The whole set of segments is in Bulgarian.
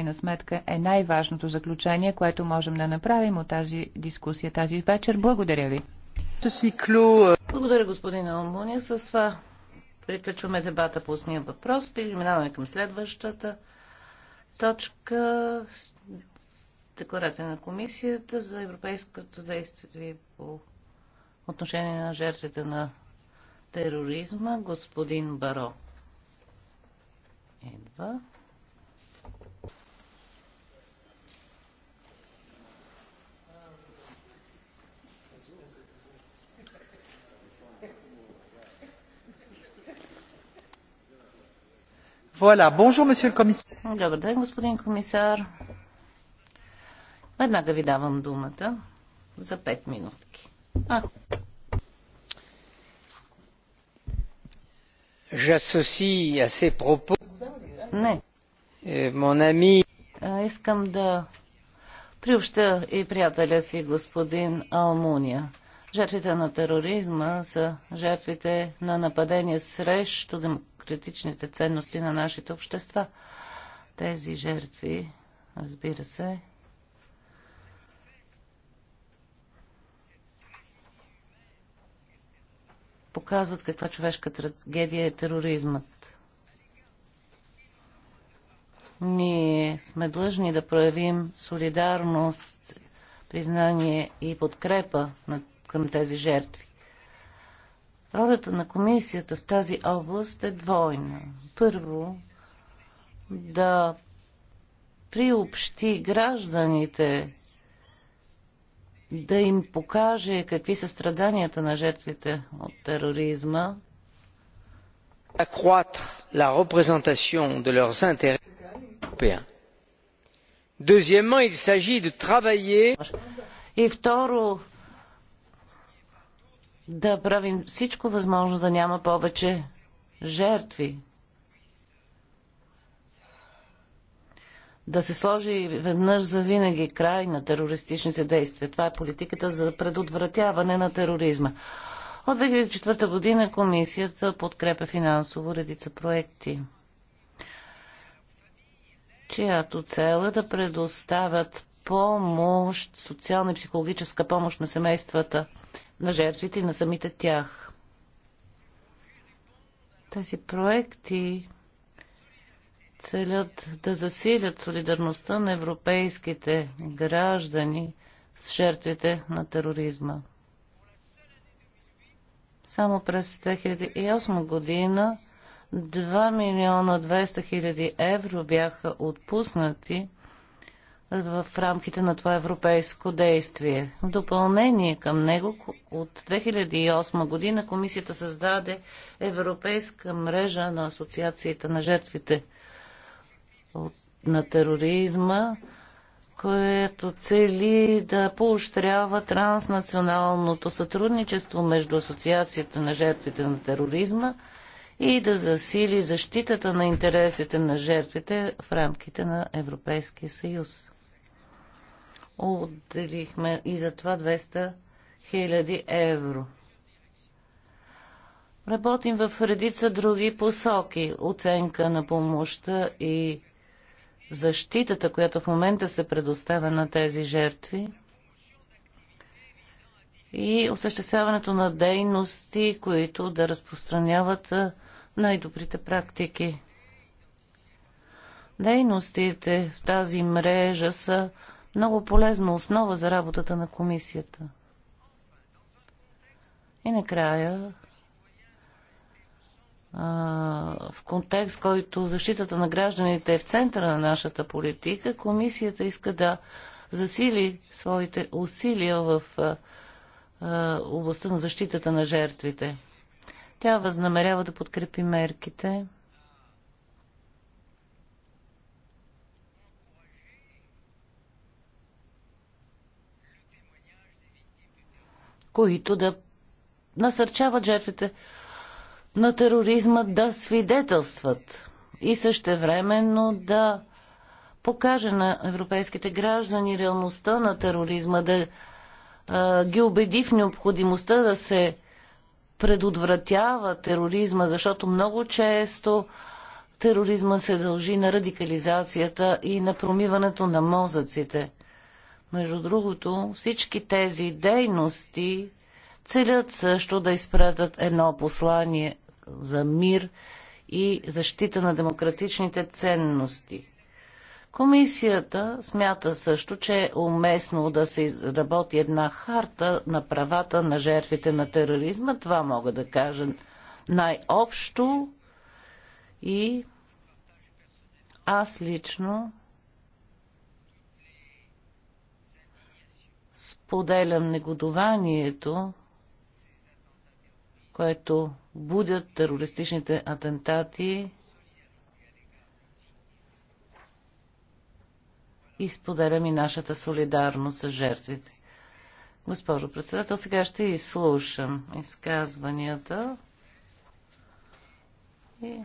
крайна сметка е най-важното заключение, което можем да направим от тази дискусия тази вечер. Благодаря ви. Благодаря, господин Алмуни. С това приключваме дебата по устния въпрос. Преминаваме към следващата точка. Декларация на комисията за европейското действие по отношение на жертвите на тероризма. Господин Баро. Едва. Добър ден, господин комисар. Веднага ви давам думата за 5 минутки. J'associe Не. Euh, mon ami. Искам да приобща и приятеля си господин Алмуния. Жертвите на тероризма са жертвите на нападение срещу демокрацията Критичните ценности на нашите общества. Тези жертви, разбира се, показват каква човешка трагедия е тероризмът. Ние сме длъжни да проявим солидарност, признание и подкрепа към тези жертви. Ролята на комисията в тази област е двойна. Първо, да приобщи гражданите, да им покаже какви са страданията на жертвите от тероризма. Accroître la représentation de leurs intérêts européens. Deuxièmement, il s'agit de travailler. И второ, да правим всичко възможно да няма повече жертви. Да се сложи веднъж за винаги край на терористичните действия. Това е политиката за предотвратяване на тероризма. От 2004 година комисията подкрепя финансово редица проекти, чиято цел е да предоставят помощ, социална и психологическа помощ на семействата на жертвите и на самите тях. Тези проекти целят да засилят солидарността на европейските граждани с жертвите на тероризма. Само през 2008 година 2 милиона 200 хиляди евро бяха отпуснати – в рамките на това европейско действие. В допълнение към него от 2008 година комисията създаде Европейска мрежа на Асоциацията на жертвите на тероризма, което цели да поощрява транснационалното сътрудничество между Асоциацията на жертвите на тероризма и да засили защитата на интересите на жертвите в рамките на Европейския съюз отделихме и за това 200 000 евро. Работим в редица други посоки. Оценка на помощта и защитата, която в момента се предоставя на тези жертви и осъществяването на дейности, които да разпространяват най-добрите практики. Дейностите в тази мрежа са много полезна основа за работата на комисията. И накрая, в контекст, който защитата на гражданите е в центъра на нашата политика, комисията иска да засили своите усилия в областта на защитата на жертвите. Тя възнамерява да подкрепи мерките, които да насърчават жертвите на тероризма да свидетелстват и същевременно да покаже на европейските граждани реалността на тероризма, да а, ги убеди в необходимостта да се предотвратява тероризма, защото много често тероризма се дължи на радикализацията и на промиването на мозъците. Между другото, всички тези дейности целят също да изпратят едно послание за мир и защита на демократичните ценности. Комисията смята също, че е уместно да се изработи една харта на правата на жертвите на тероризма. Това мога да кажа най-общо и аз лично Споделям негодованието, което будят терористичните атентати и споделям и нашата солидарност с жертвите. Госпожо председател, сега ще изслушам изказванията и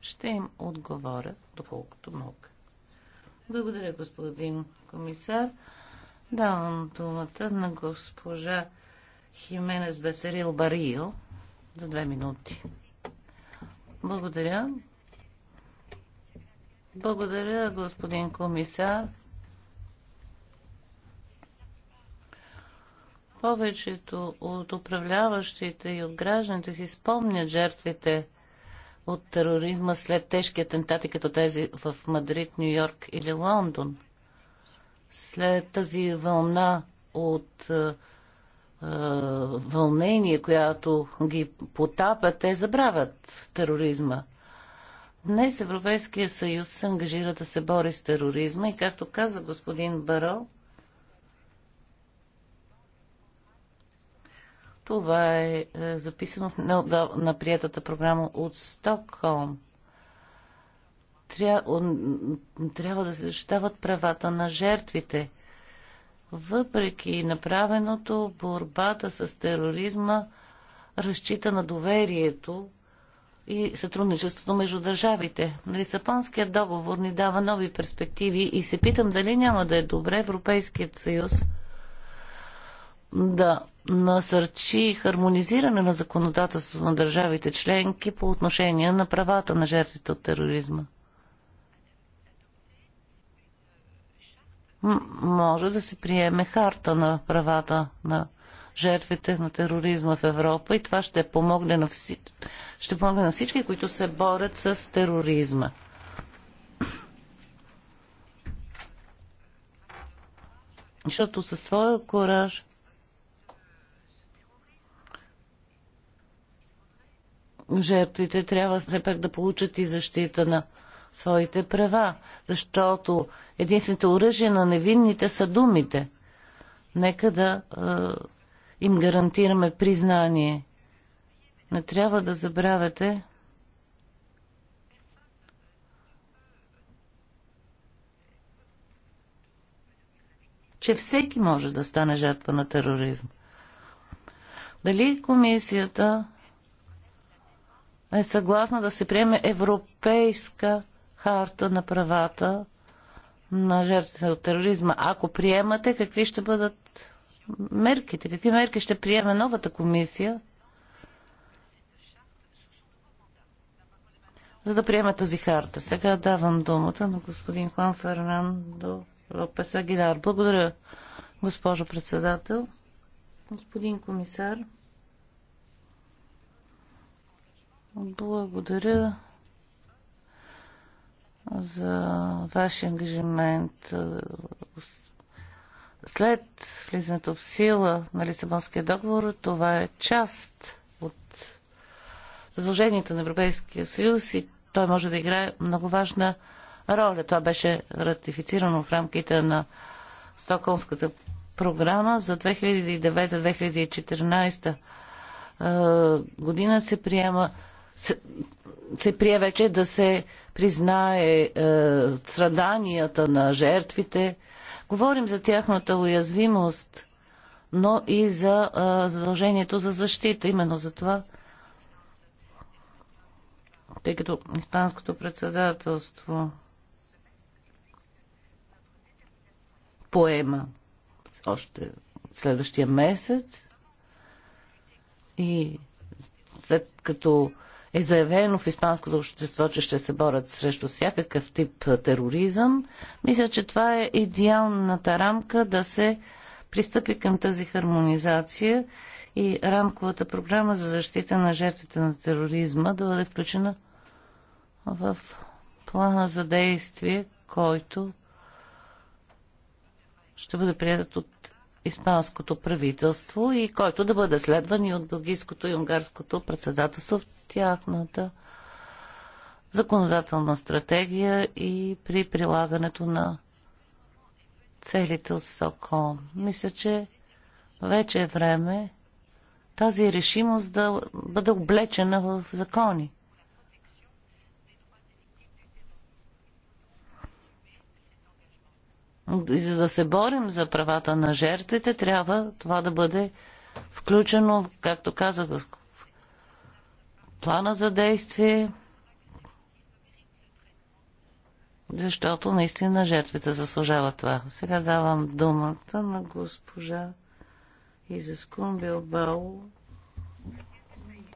ще им отговоря доколкото мога. Благодаря, господин комисар. Давам думата на госпожа Хименес Бесерил Барио за две минути. Благодаря. Благодаря, господин комисар. Повечето от управляващите и от гражданите си спомнят жертвите от тероризма след тежки атентати, като тези в Мадрид, Нью-Йорк или Лондон – след тази вълна от е, е вълнение, която ги потапа, те забравят тероризма. Днес Европейския съюз се ангажира да се бори с тероризма и, както каза господин Барал, това е, е записано в, на, на приятата програма от Стокхолм. Тря... трябва да се защитават правата на жертвите. Въпреки направеното, борбата с тероризма разчита на доверието и сътрудничеството между държавите. Лисапонският договор ни дава нови перспективи и се питам дали няма да е добре Европейският съюз да насърчи хармонизиране на законодателството на държавите членки по отношение на правата на жертвите от тероризма. може да се приеме харта на правата на жертвите на тероризма в Европа и това ще помогне на, вси... ще помогне на всички, които се борят с тероризма. Защото със своя кораж жертвите трябва все пак да получат и защита на своите права, защото единственото оръжие на невинните са думите. Нека да е, им гарантираме признание. Не трябва да забравяте, че всеки може да стане жертва на тероризм. Дали комисията е съгласна да се приеме Европейска харта на правата на жертвите от тероризма. Ако приемате, какви ще бъдат мерките? Какви мерки ще приеме новата комисия? за да приеме тази харта. Сега давам думата на господин Хуан Фернандо Лопес Агидар. Благодаря, госпожо председател. Господин комисар, благодаря за вашия ангажимент е, след влизането в сила на Лисабонския договор. Това е част от задълженията на Европейския съюз и той може да играе много важна роля. Това беше ратифицирано в рамките на Стокholмската програма за 2009-2014 е, година се приема се, се прие вече да се признае е, страданията на жертвите. Говорим за тяхната уязвимост, но и за е, задължението за защита. Именно за това, тъй като Испанското председателство поема още следващия месец и след като е заявено в испанското общество, че ще се борят срещу всякакъв тип тероризъм, мисля, че това е идеалната рамка да се пристъпи към тази хармонизация и рамковата програма за защита на жертвите на тероризма да бъде включена в плана за действие, който ще бъде приятът от испанското правителство и който да бъде следван и от бългийското и унгарското председателство в тяхната законодателна стратегия и при прилагането на целите от Стокхолм. Мисля, че вече е време тази решимост да бъде облечена в закони. за да се борим за правата на жертвите, трябва това да бъде включено, както казах, в плана за действие, защото наистина жертвите заслужават това. Сега давам думата на госпожа Изискун Билбао.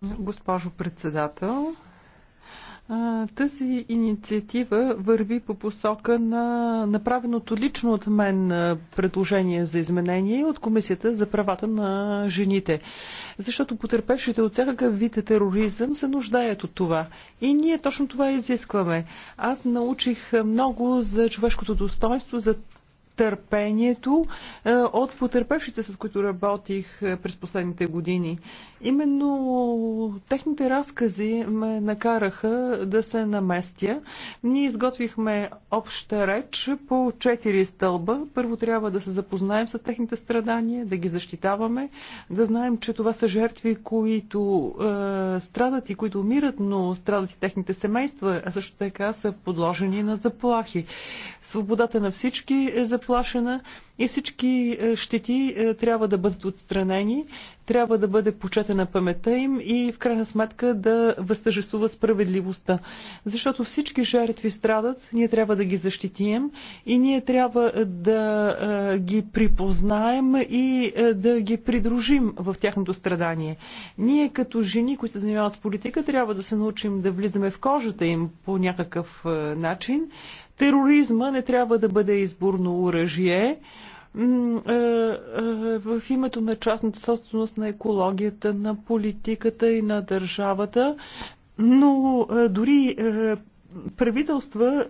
Госпожо председател, тази инициатива върви по посока на направеното лично от мен предложение за изменение от Комисията за правата на жените. Защото потерпевшите от всякакъв вид тероризъм се нуждаят от това. И ние точно това изискваме. Аз научих много за човешкото достоинство, за търпението е, от потерпевшите, с които работих е, през последните години. Именно техните разкази ме накараха да се наместя. Ние изготвихме обща реч по четири стълба. Първо трябва да се запознаем с техните страдания, да ги защитаваме, да знаем, че това са жертви, които е, страдат и които умират, но страдат и техните семейства, а също така са подложени на заплахи. Свободата на всички е за заплашена и всички е, щети е, трябва да бъдат отстранени, трябва да бъде почетена памета им и в крайна сметка да възтържествува справедливостта. Защото всички жертви страдат, ние трябва да ги защитим и ние трябва е, да ги припознаем и да ги придружим в тяхното страдание. Ние като жени, които се занимават с политика, трябва да се научим да влизаме в кожата им по някакъв начин, Тероризма не трябва да бъде изборно оръжие е, е, в името на частната собственост, на екологията, на политиката и на държавата, но е, дори правителства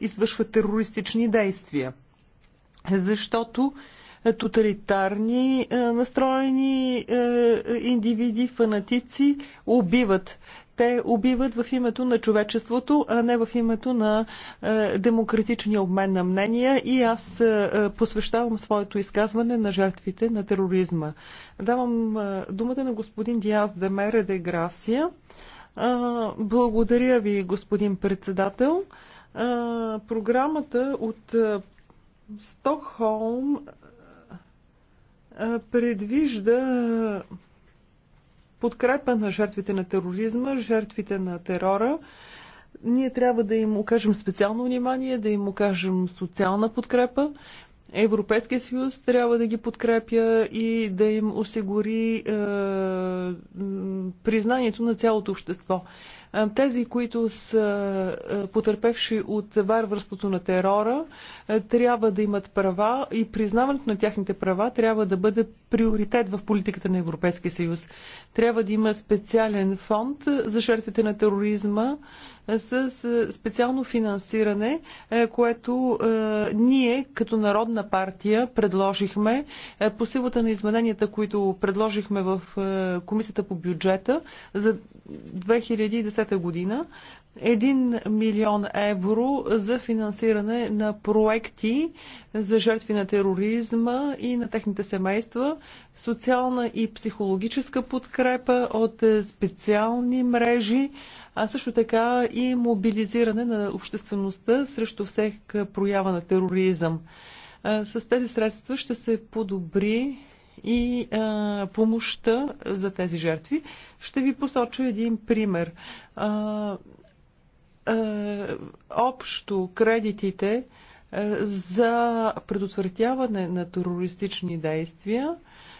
извършват терористични действия, защото тоталитарни настроени индивиди, фанатици убиват. Те убиват в името на човечеството, а не в името на е, демократичния обмен на мнения и аз е, посвещавам своето изказване на жертвите на тероризма. Давам е, думата на господин Диас Демере де Грасия. Благодаря ви, господин председател. Програмата от Стокхолм предвижда подкрепа на жертвите на тероризма, жертвите на терора. Ние трябва да им окажем специално внимание, да им окажем социална подкрепа. Европейския съюз трябва да ги подкрепя и да им осигури е, признанието на цялото общество. Тези, които са потърпевши от варварството на терора, трябва да имат права и признаването на тяхните права трябва да бъде приоритет в политиката на Европейския съюз. Трябва да има специален фонд за жертвите на тероризма с специално финансиране, което ние като Народна партия предложихме по силата на измененията, които предложихме в Комисията по бюджета за 2010 2010 година 1 милион евро за финансиране на проекти за жертви на тероризма и на техните семейства, социална и психологическа подкрепа от специални мрежи, а също така и мобилизиране на обществеността срещу всеки проява на тероризъм. С тези средства ще се подобри и а, помощта за тези жертви. Ще ви посоча един пример. А, а, общо кредитите за предотвратяване на терористични действия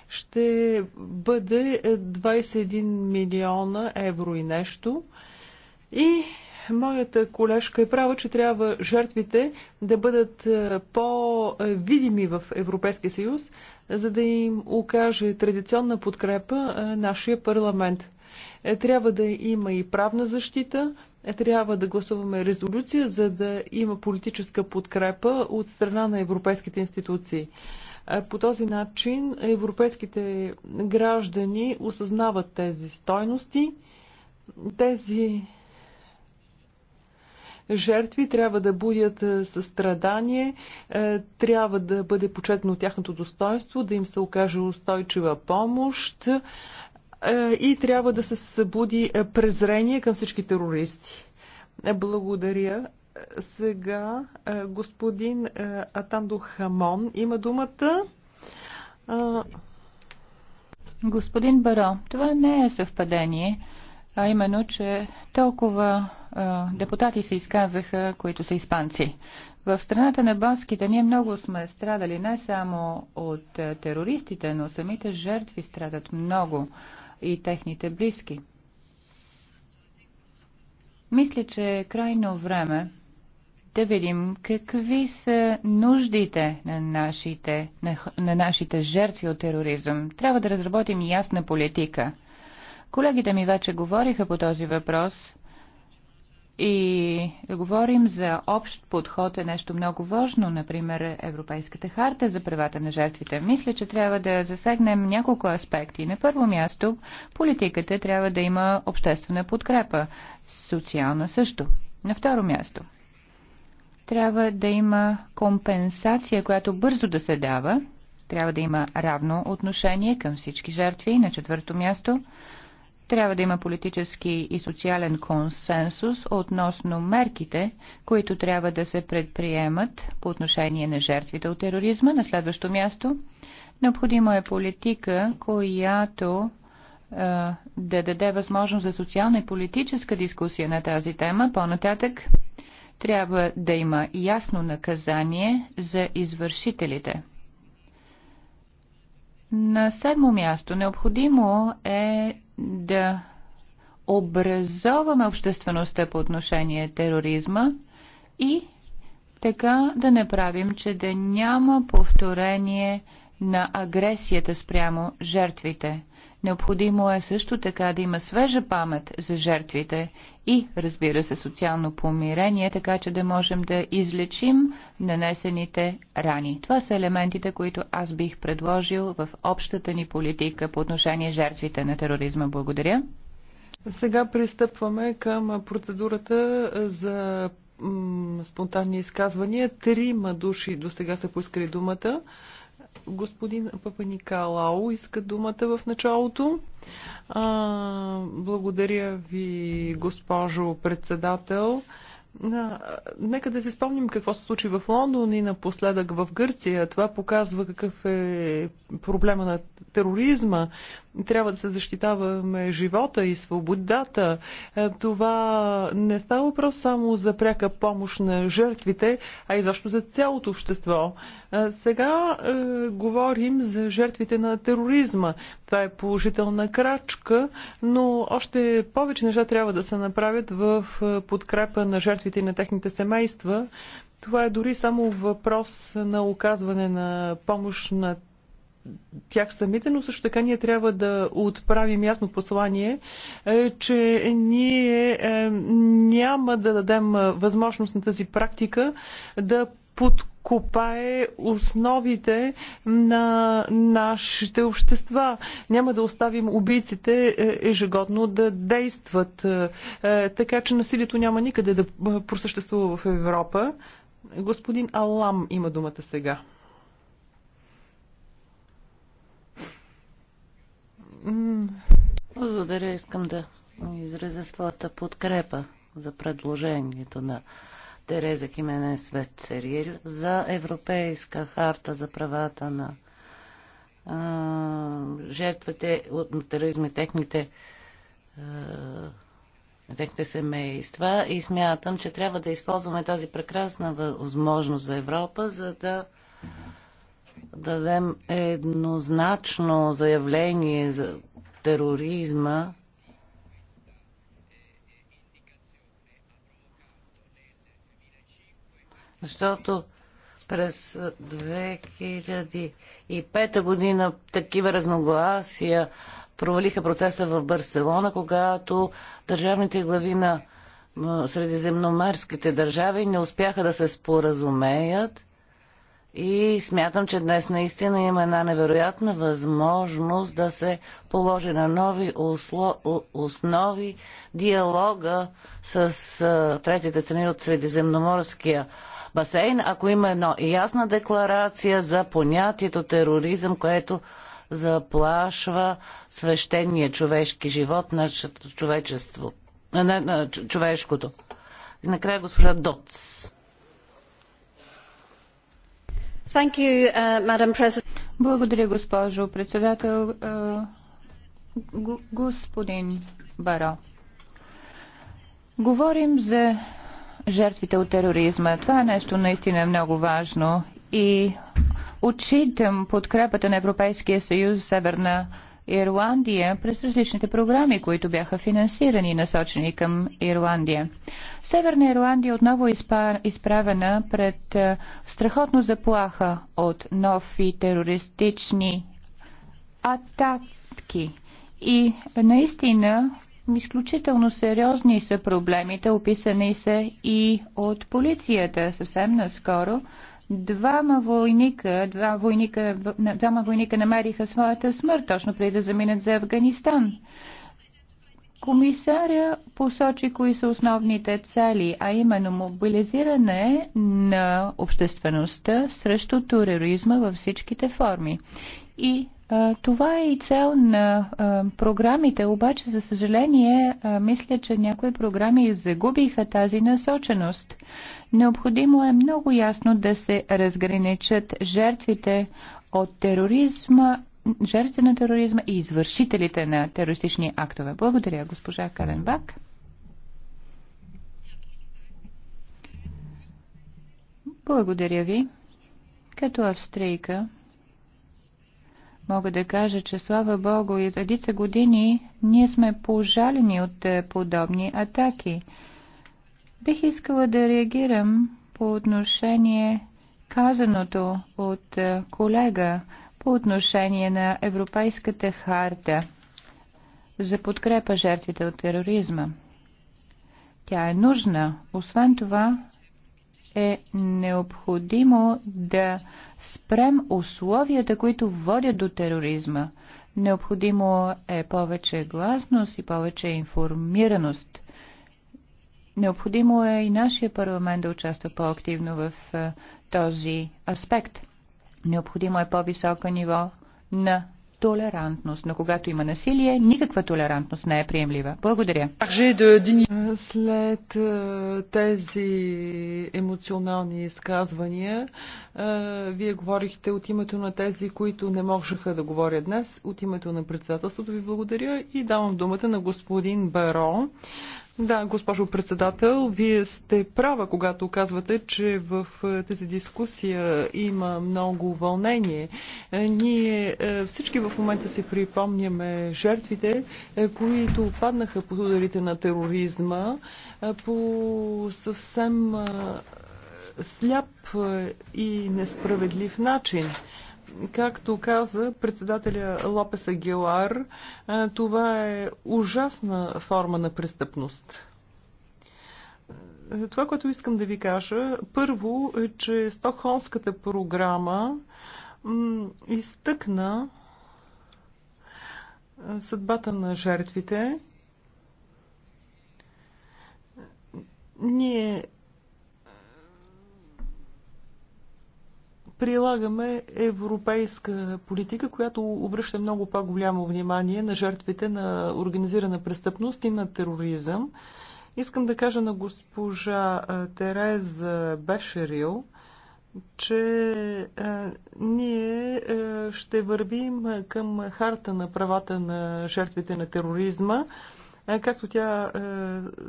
ще бъде 21 милиона евро и нещо. И моята колежка е права, че трябва жертвите да бъдат е, по-видими в Европейския съюз, за да им окаже традиционна подкрепа е, нашия парламент. Е, трябва да има и правна защита, трябва да гласуваме резолюция, за да има политическа подкрепа от страна на европейските институции. По този начин европейските граждани осъзнават тези стойности, тези жертви, трябва да будят е, състрадание, е, трябва да бъде почетно тяхното достоинство, да им се окаже устойчива помощ е, и трябва да се събуди презрение към всички терористи. Благодаря. Сега господин Атандо Хамон има думата. Господин Баро, това не е съвпадение, а именно, че толкова депутати се изказаха, които са испанци. В страната на баските ние много сме страдали не само от терористите, но самите жертви страдат много и техните близки. Мисля, че е крайно време да видим какви са нуждите на нашите, на, на нашите жертви от тероризъм. Трябва да разработим ясна политика. Колегите ми вече говориха по този въпрос – и да говорим за общ подход е нещо много важно, например Европейската харта за правата на жертвите. Мисля, че трябва да засегнем няколко аспекти. На първо място, политиката трябва да има обществена подкрепа, социална също. На второ място, трябва да има компенсация, която бързо да се дава. Трябва да има равно отношение към всички жертви. На четвърто място, трябва да има политически и социален консенсус относно мерките, които трябва да се предприемат по отношение на жертвите от тероризма. На следващо място, необходима е политика, която е, да даде възможност за социална и политическа дискусия на тази тема. По-нататък трябва да има ясно наказание за извършителите. На седмо място необходимо е да образоваме обществеността по отношение тероризма и така да направим, че да няма повторение на агресията спрямо жертвите. Необходимо е също така да има свежа памет за жертвите и, разбира се, социално помирение, така че да можем да излечим нанесените рани. Това са елементите, които аз бих предложил в общата ни политика по отношение жертвите на тероризма. Благодаря. Сега пристъпваме към процедурата за спонтанни изказвания. Трима души до сега са поискали думата. Господин Папа Николао иска думата в началото. А, благодаря ви, госпожо председател. А, Нека да си спомним какво се случи в Лондон и напоследък в Гърция. Това показва какъв е проблема на тероризма трябва да се защитаваме живота и свободата. Е, това не става въпрос само за пряка помощ на жертвите, а и защо за цялото общество. Е, сега е, говорим за жертвите на тероризма. Това е положителна крачка, но още повече неща трябва да се направят в е, подкрепа на жертвите и на техните семейства. Това е дори само въпрос на оказване на помощ на тях самите, но също така ние трябва да отправим ясно послание, е, че ние е, няма да дадем е, възможност на тази практика да подкопае основите на нашите общества. Няма да оставим убийците ежегодно да действат. Така че насилието няма никъде да просъществува в Европа. Господин Алам има думата сега. Благодаря. Искам да изразя своята подкрепа за предложението на Тереза Свет Вецерил за Европейска харта за правата на а, жертвите от тероризма и техните, а, техните семейства. И смятам, че трябва да използваме тази прекрасна възможност за Европа, за да дадем еднозначно заявление за тероризма, защото през 2005 година такива разногласия провалиха процеса в Барселона, когато държавните глави на средиземноморските държави не успяха да се споразумеят и смятам, че днес наистина има една невероятна възможност да се положи на нови усло... основи диалога с третите страни от Средиземноморския басейн, ако има едно ясна декларация за понятието тероризъм, което заплашва свещения човешки живот на човечеството, на, на, на човешкото. И накрая госпожа Доц. Uh, Благодаря, госпожо председател. Е, господин Баро, говорим за жертвите от тероризма. Това е нещо наистина много важно и отчитам подкрепата на Европейския съюз Северна Африка Ирландия през различните програми, които бяха финансирани и насочени към Ирландия. Северна Ирландия отново е изправена пред е, страхотно заплаха от нови терористични атаки. И наистина изключително сериозни са проблемите, описани са и от полицията съвсем наскоро Двама войника, два войника, двама войника намериха своята смърт, точно преди да заминат за Афганистан. Комисаря посочи кои са основните цели, а именно мобилизиране на обществеността срещу тероризма във всичките форми. И а, това е и цел на а, програмите, обаче за съжаление а, мисля, че някои програми загубиха тази насоченост. Необходимо е много ясно да се разграничат жертвите от тероризма, жертвите на тероризма и извършителите на терористични актове. Благодаря, госпожа Каленбак. Благодаря ви. Като австрийка мога да кажа, че слава Богу и редица години ние сме пожалени от е, подобни атаки – Бих искала да реагирам по отношение казаното от е, колега по отношение на Европейската харта за подкрепа жертвите от тероризма. Тя е нужна. Освен това е необходимо да спрем условията, които водят до тероризма. Необходимо е повече гласност и повече информираност. Необходимо е и нашия парламент да участва по-активно в този аспект. Необходимо е по-високо ниво на толерантност, но когато има насилие, никаква толерантност не е приемлива. Благодаря. След тези емоционални изказвания, вие говорихте от името на тези, които не можеха да говорят днес, от името на председателството ви благодаря и давам думата на господин Баро. Да, госпожо председател, вие сте права, когато казвате, че в е, тази дискусия има много вълнение. Е, ние е, всички в момента си припомняме жертвите, които паднаха под ударите на тероризма по съвсем сляп и несправедлив начин. Както каза председателя Лопес Агилар, това е ужасна форма на престъпност. Това, което искам да ви кажа, първо е, че Стокхолмската програма изтъкна съдбата на жертвите. Ние прилагаме европейска политика, която обръща много по-голямо внимание на жертвите на организирана престъпност и на тероризъм. Искам да кажа на госпожа Тереза Бешерил, че е, ние е, ще вървим към харта на правата на жертвите на тероризма, е, както тя е,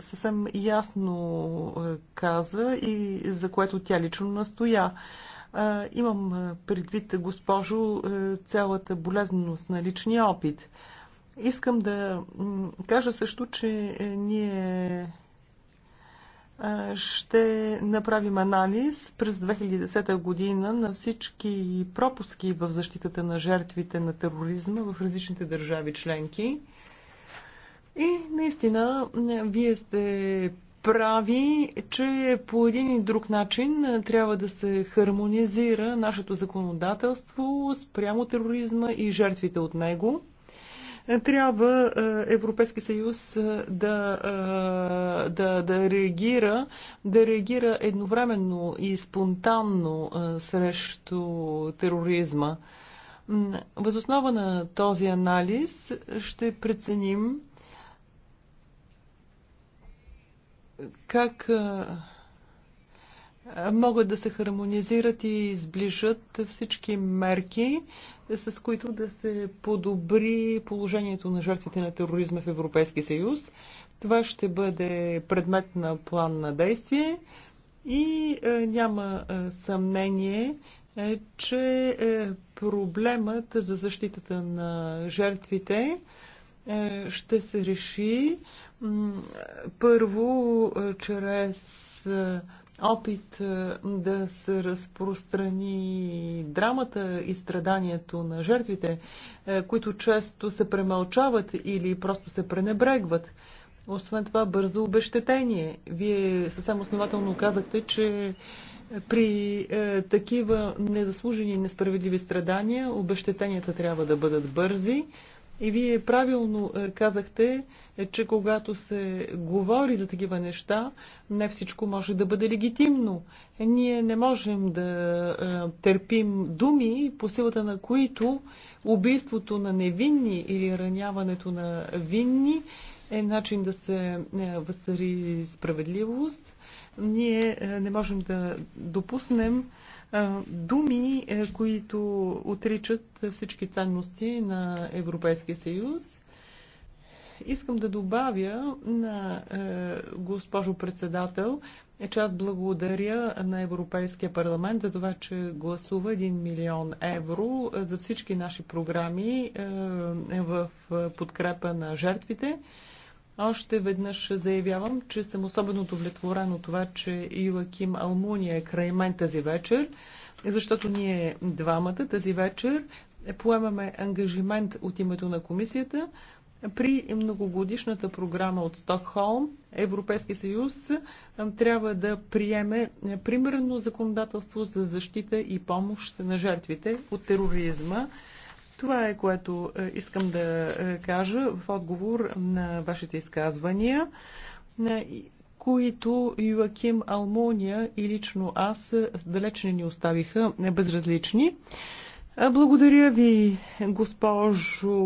съвсем ясно е, каза и за което тя лично настоя. Е, Имам предвид, госпожо, цялата болезненост на личния опит. Искам да кажа също, че е, ние ще направим анализ през 2010 година на всички пропуски в защитата на жертвите на тероризма в различните държави членки. И наистина, вие сте прави, че по един и друг начин трябва да се хармонизира нашето законодателство спрямо тероризма и жертвите от него трябва Европейски съюз да, да, да реагира, да реагира едновременно и спонтанно срещу тероризма. Възоснова на този анализ ще преценим как могат да се хармонизират и сближат всички мерки, с които да се подобри положението на жертвите на тероризма в Европейския съюз. Това ще бъде предмет на план на действие и няма съмнение, е, че е, проблемът за защитата на жертвите е, ще се реши първо, чрез опит да се разпространи драмата и страданието на жертвите, които често се премълчават или просто се пренебрегват. Освен това, бързо обещетение. Вие съвсем основателно казахте, че при е, такива незаслужени и несправедливи страдания обещетенията трябва да бъдат бързи. И вие правилно е, казахте, е, че когато се говори за такива неща, не всичко може да бъде легитимно. Е, ние не можем да търпим думи, по силата на които убийството на невинни или раняването на винни е начин да се възцари справедливост. Ние не можем да допуснем думи, е, които отричат всички ценности на Европейския съюз. Искам да добавя на е, госпожо председател, че аз благодаря на Европейския парламент за това, че гласува 1 милион евро за всички наши програми е, в подкрепа на жертвите. Още веднъж заявявам, че съм особено удовлетворен от това, че Илаким Алмуния е край мен тази вечер, защото ние двамата тази вечер поемаме ангажимент от името на комисията при многогодишната програма от Стокхолм Европейски съюз трябва да приеме е, примерно законодателство за защита и помощ на жертвите от тероризма. Това е което е, искам да е, кажа в отговор на вашите изказвания, е, които Юаким Алмония и лично аз далеч не ни оставиха безразлични. Благодаря ви, госпожо,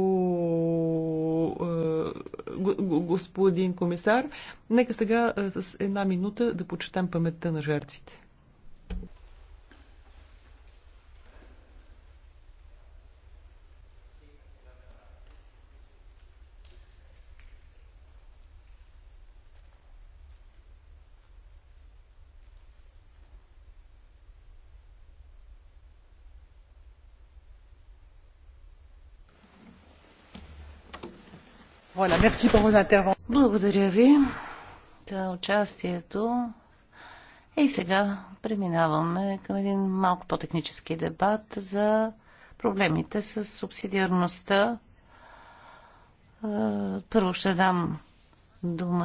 господин комисар. Нека сега с една минута да почетем паметта на жертвите. Благодаря ви за участието. И сега преминаваме към един малко по-технически дебат за проблемите с субсидиарността. Е, първо ще дам думата